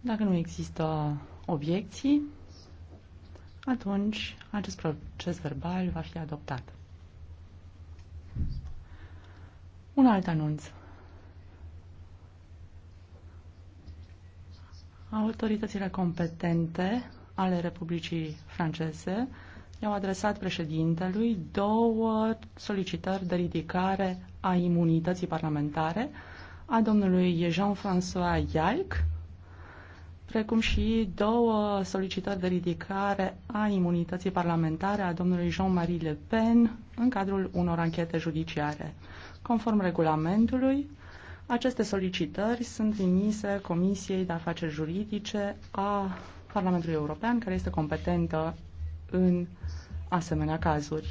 Dacă nu există obiecții, atunci acest proces verbal va fi adoptat. Un alt anunț. Autoritățile competente ale Republicii Franceze i-au adresat președintelui două solicitări de ridicare a imunității parlamentare a domnului Jean-François Iaic, precum și două solicitări de ridicare a imunității parlamentare a domnului Jean-Marie Le Pen în cadrul unor anchete judiciare. Conform regulamentului, aceste solicitări sunt trimise Comisiei de Afaceri Juridice a Parlamentului European, care este competentă în asemenea cazuri.